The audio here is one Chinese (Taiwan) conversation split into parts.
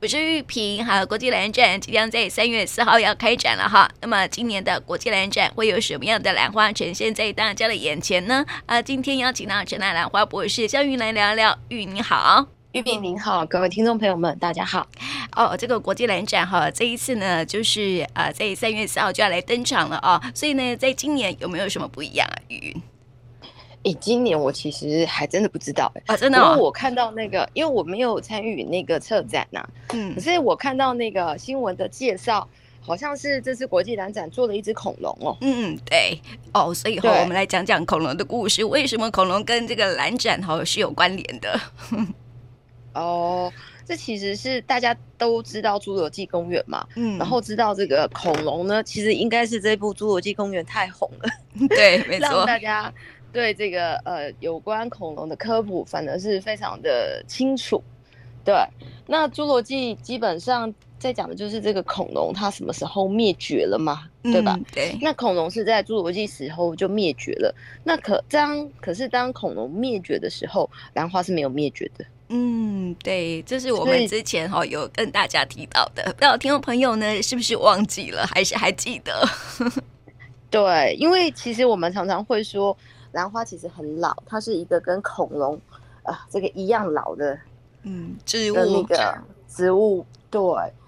我是玉萍，好、啊，國際蘭展即將在三月四號要開展了哈、啊。那麼今年的國際蘭展會有什麼樣的蘭花呈現在大家的眼前呢？啊，今天邀請到成大蘭花博士郁芸來聊聊。郁，你好，玉萍，您好，各位聽眾朋友們，大家好。哦，這個國際蘭展哈、啊，這一次呢，就是啊，在三月四號就要來登場了啊。所以呢，在今年有沒有什麼不一樣啊？郁。你今年，我其實還真的不知道哎、欸，啊真的。因為我，我看到那個，因為我沒有參與那個策展吶、啊，嗯，可是我看到那個新聞的介紹，好像是這次國際蘭展做了一隻恐龍哦、喔，嗯，對，哦，所以以後對我們來講講恐龍的故事，為什麼恐龍跟這個蘭展好像是有關聯的？ 哦，這其實是大家都知道《侏羅紀公園》嘛，嗯，然後知道這個恐龍呢，其實應該是這部《侏羅紀公園》太紅了，對，沒錯，大家。對這個呃，有關恐龍的科普反而是非常的清楚。對，那侏羅紀基本上在講的就是這個恐龍它什麼時候滅絕了嘛，嗯、對吧？對，那恐龍是在侏羅紀時候就滅絕了。那可當可是當恐龍滅絕的時候，蘭花是沒有滅絕的。嗯，對，這是我們之前哈、哦、有跟大家提到的。那以不知道聽眾朋友呢，是不是忘記了，還是還記得？ 對，因為其實我們常常會說。蘭花其實很老，它是一個跟恐龍，啊、呃，這個一樣老的，嗯，植物那個植物，對，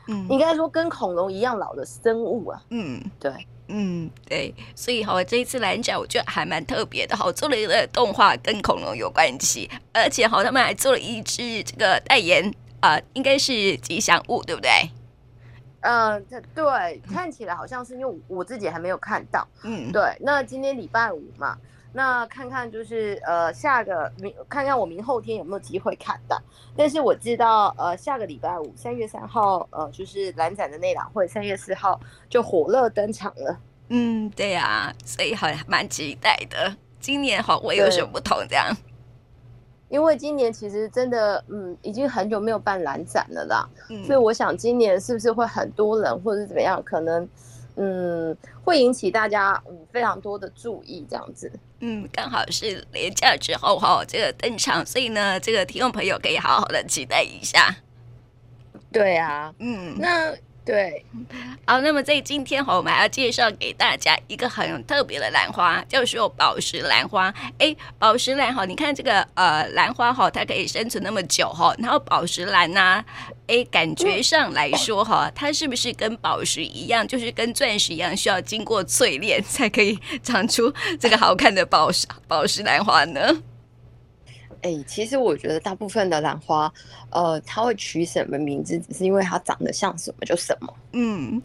嗯，應該說跟恐龍一樣老的生物啊，嗯，對，嗯，對，所以好，這一次蘭展我覺得還蠻特別的，好，做了一個動畫跟恐龍有關係，而且好，他們還做了一隻這個代言，啊、呃，應該是吉祥物，對不對？嗯、呃，對，看起來好像是，因為我自己還沒有看到，嗯，對，那今天禮拜五嘛。那看看就是呃，下個明看看我明後天有沒有機會看到。但是我知道呃，下個禮拜五三月三號呃，就是蘭展的內覽會，三月四號就火熱登場了。嗯，對呀、啊，所以還蠻期待的。今年好，我有什麼不同對這樣，因為今年其實真的嗯，已經很久沒有辦蘭展了啦。嗯、所以我想今年是不是會很多人或者怎麼樣，可能嗯會引起大家嗯非常多的注意這樣子。嗯，剛好是連假之後哈，這個登場，所以呢，這個聽眾朋友可以好好的期待一下。對啊，嗯，那。對，好，那麼在今天哈，我們還要介紹給大家一個很特別的蘭花，叫做寶石蘭花。哎，寶石蘭哈，你看這個呃蘭花哈，它可以生存那麼久哈，然後寶石蘭吶，哎，感覺上來說哈，它是不是跟寶石一樣，就是跟鑽石一樣，需要經過淬煉才可以長出這個好看的寶石 寶石蘭花呢？哎、欸，其實我覺得大部分的蘭花，呃，它會取什麼名字，只是因為它長得像什麼就什麼。嗯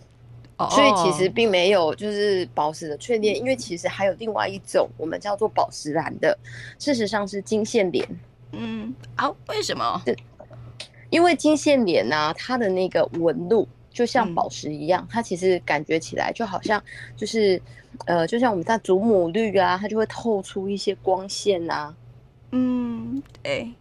，oh. 所以其實並沒有就是寶石的確認，因為其實還有另外一種我們叫做寶石蘭的，事實上是金線蓮。嗯，啊、oh,，為什麼對？因為金線蓮呢、啊，它的那個紋路就像寶石一樣，嗯，它其實感覺起來就好像就是呃，就像我們在祖母綠啊，它就會透出一些光線啊。嗯，對，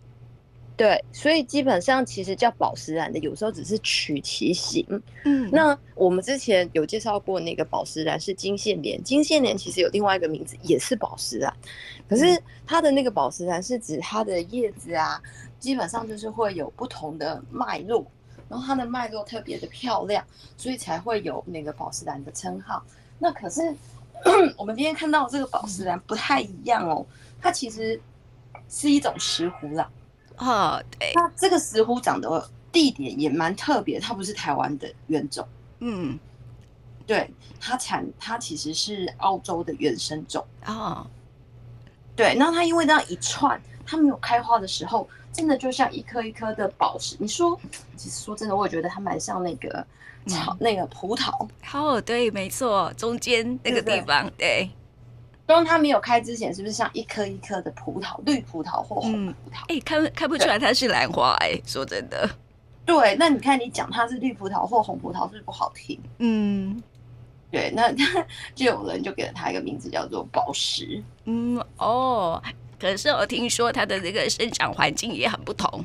對，所以基本上其實叫寶石蘭的，有時候只是取其型。嗯，那我們之前有介紹過那個寶石蘭是金線蓮，金線蓮其實有另外一個名字，嗯、也是寶石蘭啊。可是它的那個寶石蘭是指它的葉子啊，基本上就是會有不同的脈絡，然後它的脈絡特別的漂亮，所以才會有那個寶石蘭的稱號。那可是咳咳我們今天看到這個寶石蘭不太一樣哦，它其實。是一種石斛啦，哦，oh, 對。那這個石斛長的地點也蠻特別，它不是台灣的原種，嗯，對，它產它其實是澳洲的原生種啊，oh. 對。那它因為那一串，它沒有開花的時候，真的就像一顆一顆的寶石。你說，其實說真的，我也覺得它蠻像那個草，嗯、那個葡萄。哦，oh, 對，沒錯，中間那個地方，對，對。對當它沒有開之前，是不是像一顆一顆的葡萄，綠葡萄或紅葡萄？哎、嗯欸，看看不出來他、欸，它是蘭花哎，說真的。對，那你看，你講它是綠葡萄或紅葡萄，是不是不好聽？嗯，對，那呵呵就有人就給了它一個名字叫做寶石。嗯哦，可是我聽說它的這個生長環境也很不同。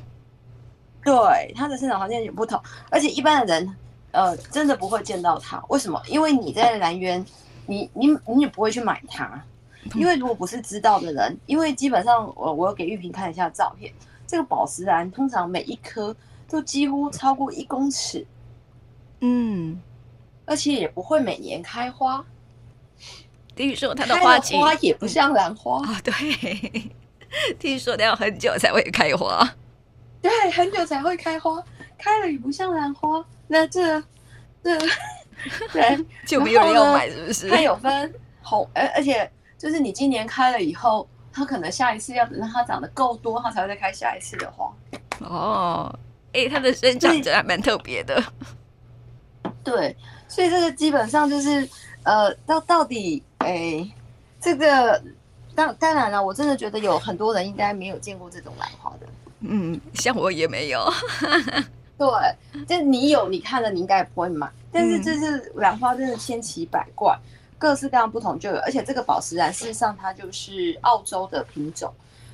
對，它的生長環境也不同，而且一般的人，呃，真的不會見到它。為什麼？因為你在蘭園。你你你也不會去買它，因為如果不是知道的人，因為基本上我我給玉萍看一下照片，這個寶石蘭通常每一棵，都幾乎超過一公尺，嗯，而且也不會每年開花。聽說它的花，錢花，也不像蘭花啊。哦，對，聽說要很久才會開花。對，很久才會開花，開了也不像蘭花，那這這。 對， 就沒有人要買，是不是？它有分紅，而、哦、而且就是你今年開了以後，它可能下一次要等到它長得夠多，它才會再開下一次的花。哦，哎、欸，它的生長者還蠻特別的。對，所以這個基本上就是，呃，到到底，哎、欸，這個當當然了、啊，我真的覺得有很多人應該沒有見過這種蘭花的。嗯，像我也沒有。 對，就是你有你看了，你應該也不會買。但是這是蘭花，真的千奇百怪，嗯、各式各樣不同就有。而且這個寶石蘭事實上它就是澳洲的品種。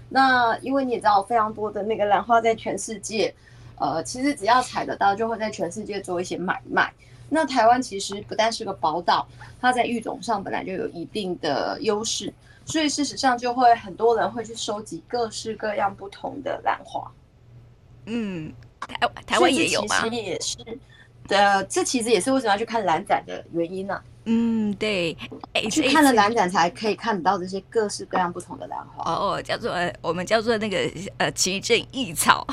那因為你也知道，非常多的那個蘭花在全世界，呃，其實只要採得到，就會在全世界做一些買賣。那台灣其實不但是個寶島，它在育種上本來就有一定的優勢，所以事實上就會很多人會去收集各式各樣不同的蘭花。嗯。台灣也有嗎？其實也是，呃，這其實也是為什麼要去看蘭展的原因呢、啊？嗯，對，欸、去看了蘭展才可以看得到這些各式各樣不同的蘭花。哦，叫做我們叫做那個呃奇珍異草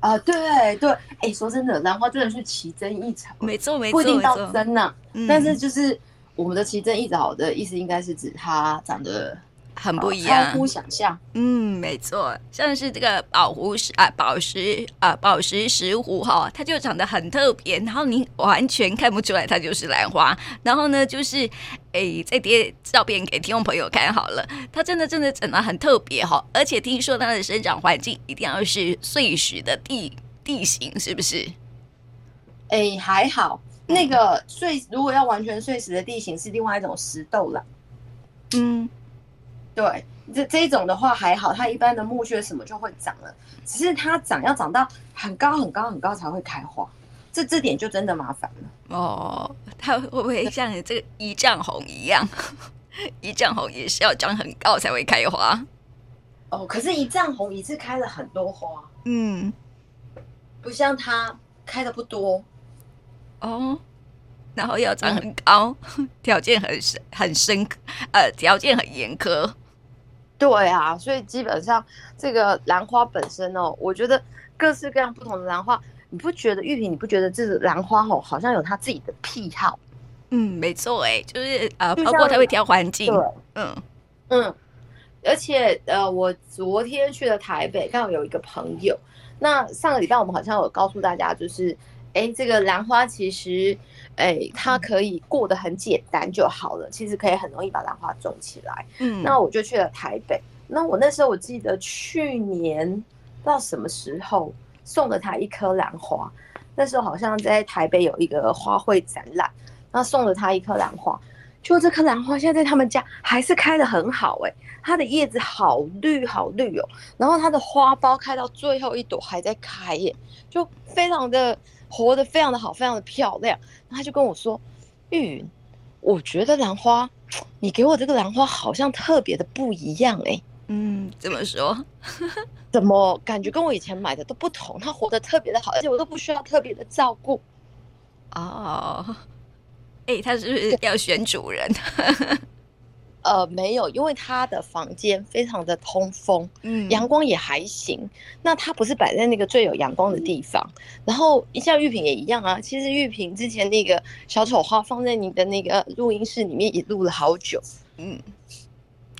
啊、 呃，對對。誒、欸，說真的，蘭花真的是奇珍異草，沒錯錯不一定到真呢、啊。錯但是就是我們的奇珍異草的意思，應該是指它長得。很不一樣，哦，超乎想象。嗯，沒錯，像是這個寶湖石啊，寶石啊，寶石石斛哈，它就長得很特別，然後你完全看不出來它就是蘭花。然後呢，就是誒、欸，再貼照片給聽眾朋友看好了，它真的真的長得很特別哈。而且聽說它的生長環境一定要是碎石的地地形，是不是？誒、欸，還好，那個碎如果要完全碎石的地形是另外一種石豆蘭了。嗯。對，這這種的話還好，它一般的木屑什麼就會長了，只是它長要長到很高很高很高才會開花，這這點就真的麻煩了。哦，它會不會像你這個一丈紅一樣？對 一丈紅也是要長很高才會開花。哦，可是，一丈紅一次開了很多花，嗯，不像它開的不多。哦。然後要長很高，嗯、條件很深很深刻，呃，條件很嚴苛。對啊，所以基本上這個蘭花本身哦，我覺得各式各樣不同的蘭花，你不覺得郁芸？你不覺得這個蘭花吼、哦，好像有它自己的癖好？嗯，沒錯，哎，就是呃，包括它會挑環境，嗯嗯，而且呃，我昨天去了台北，剛好有一個朋友。那上個禮拜我們好像有告訴大家，就是。哎，這個蘭花其實，哎，它可以過得很簡單就好了。嗯、其實可以很容易把蘭花種起來。嗯，那我就去了台北。那我那時候我記得去年不知道什麼時候送了他一顆蘭花。那時候好像在台北有一個花卉展覽，那送了他一顆蘭花。就這顆蘭花現在，在他們家還是開得很好，欸，哎，它的葉子好綠好綠哦。然後它的花苞開到最後一朵還在開，欸，就非常的。活得非常的好，非常的漂亮。然後他就跟我說：“郁芸，我覺得蘭花，你給我這個蘭花好像特別的不一樣欸。”“嗯，怎麼說？ 怎麼感覺跟我以前買的都不同？它活得特別的好，而且我都不需要特別的照顧。”“哦，欸，他是不是要選主人？” 呃，沒有，因為他的房間非常的通風，嗯，陽光也還行。那他不是擺在那個最有陽光的地方，嗯、然後你像玉萍也一樣啊。其實玉萍之前那個小丑花放在你的那個錄音室裡面也錄了好久，嗯，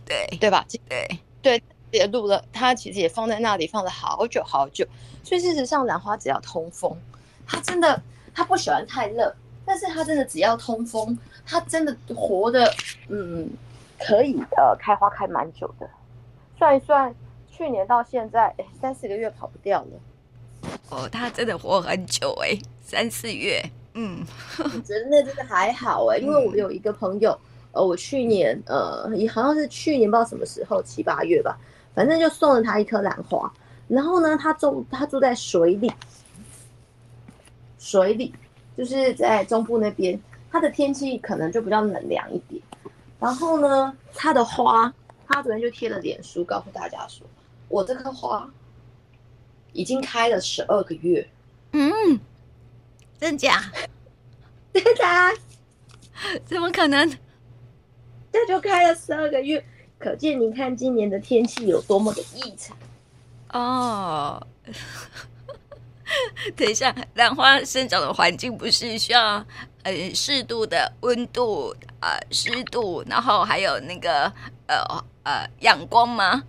對對吧？對對，也錄了，它其實也放在那裡放了好久好久。所以事實上，蘭花只要通風，它真的它不喜歡太熱，但是它真的只要通風，它真的活得，嗯。可以的，呃、開花開蠻久的，算一算，去年到現在、欸、三四個月跑不掉了。哦，他真的活很久誒、欸，三四月，嗯， 我覺得那真的還好誒、欸，因為我有一個朋友，呃，我去年呃，也好像是去年不知道什麼時候，七八月吧，反正就送了他一顆蘭花，然後呢，他住他住在水裡，水裡就是在中部那邊，他的天氣可能就比較冷涼一點。然後呢，它的花，他昨天就貼了臉書，告訴大家說，我這棵花已經開了十二個月。嗯，真假？對吧？怎麼可能？這就開了十二個月，可見你看今年的天氣有多麼的異常。哦，等一下，蘭花生長的環境不是需要？呃，適度的溫度、呃濕度，然後還有那個呃呃陽光嗎？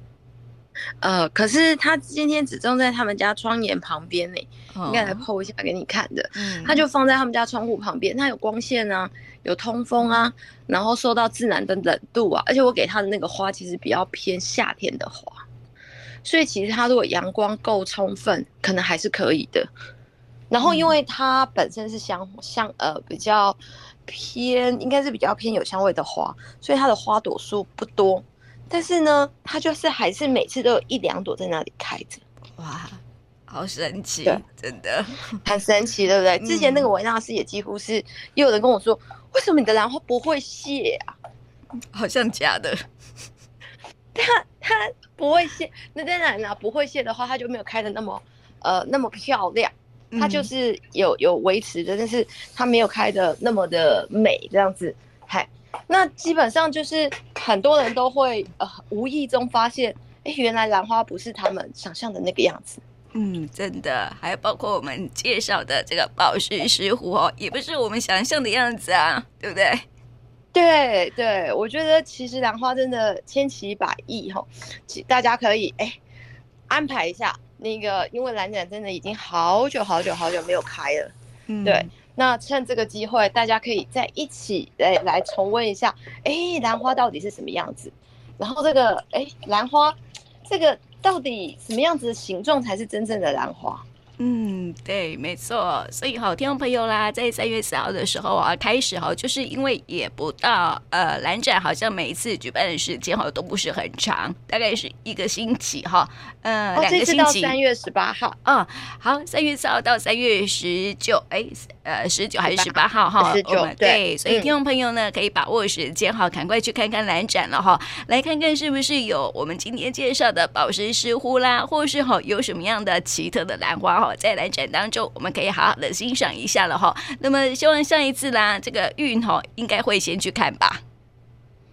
呃，可是他今天只種在他們家窗簾旁邊呢，哦、應該來剖一下給你看的。嗯，它就放在他們家窗戶旁邊，它有光線啊，有通風啊，然後受到自然的冷度啊，而且我給它的那個花其實比較偏夏天的花，所以其實它如果陽光夠充分，可能還是可以的。然後，因為它本身是香香、嗯、呃比較偏，應該是比較偏有香味的花，所以它的花朵數不多。但是呢，它就是還是每次都有一兩朵在那裡開着，哇，好神奇，對真的，很神奇，對不對？嗯、之前那個維納斯也幾乎是，也有人跟我說，為什麼你的蘭花不會謝啊？好像假的，它它不會謝。那當然了，不會謝的話，它就沒有開得那麼呃那麼漂亮。嗯、它就是有有維持的，但是它沒有開的那麼的美這樣子，嗨，那基本上就是很多人都會呃無意中發現，哎、欸，原來蘭花不是他們想象的那個樣子，嗯，真的，還有包括我們介紹的這個寶石石斛哦，也不是我們想象的樣子啊，對不對？對對，我覺得其實蘭花真的千奇百異哈，大家可以哎、欸、安排一下。那個，因為蘭展真的已經好久好久好久沒有開了，嗯、對，那趁這個機會，大家可以再一起來，來來重溫一下，哎，蘭花到底是什麼樣子？然後這個，哎，蘭花，這個到底什麼樣子的形狀才是真正的蘭花？嗯，對，沒錯。所以好，聽眾朋友啦，在三月四號的時候啊，開始哈，就是因為也不到呃，蘭展好像每一次舉辦的時間哈都不是很長，大概是一個星期哈，嗯、呃，哦、兩個星期。這次到三月十八號。嗯、哦，好，三月四號到三月十九，哎，呃，十九還是十八號哈？十九。對，所以聽眾朋友呢，可以把握時間哈，趕快去看看蘭展了哈，來看看是不是有我們今天介紹的寶石石斛啦，或是好有什麼樣的奇特的蘭花哈。在蘭展當中，我們可以好好的欣賞一下了哈。那麼，希望上一次啦，這個玉雲應該會先去看吧。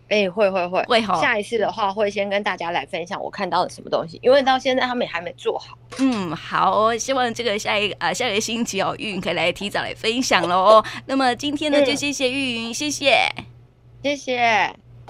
哎，會會會會哈。下一次的話，會先跟大家來分享我看到了什麼東西，因為到現在他們也還沒做好。嗯，好，我希望這個下一個啊下個星期哦、喔，玉雲可以來提早來分享嘍。那麼今天呢，就謝謝玉雲，謝謝，謝謝。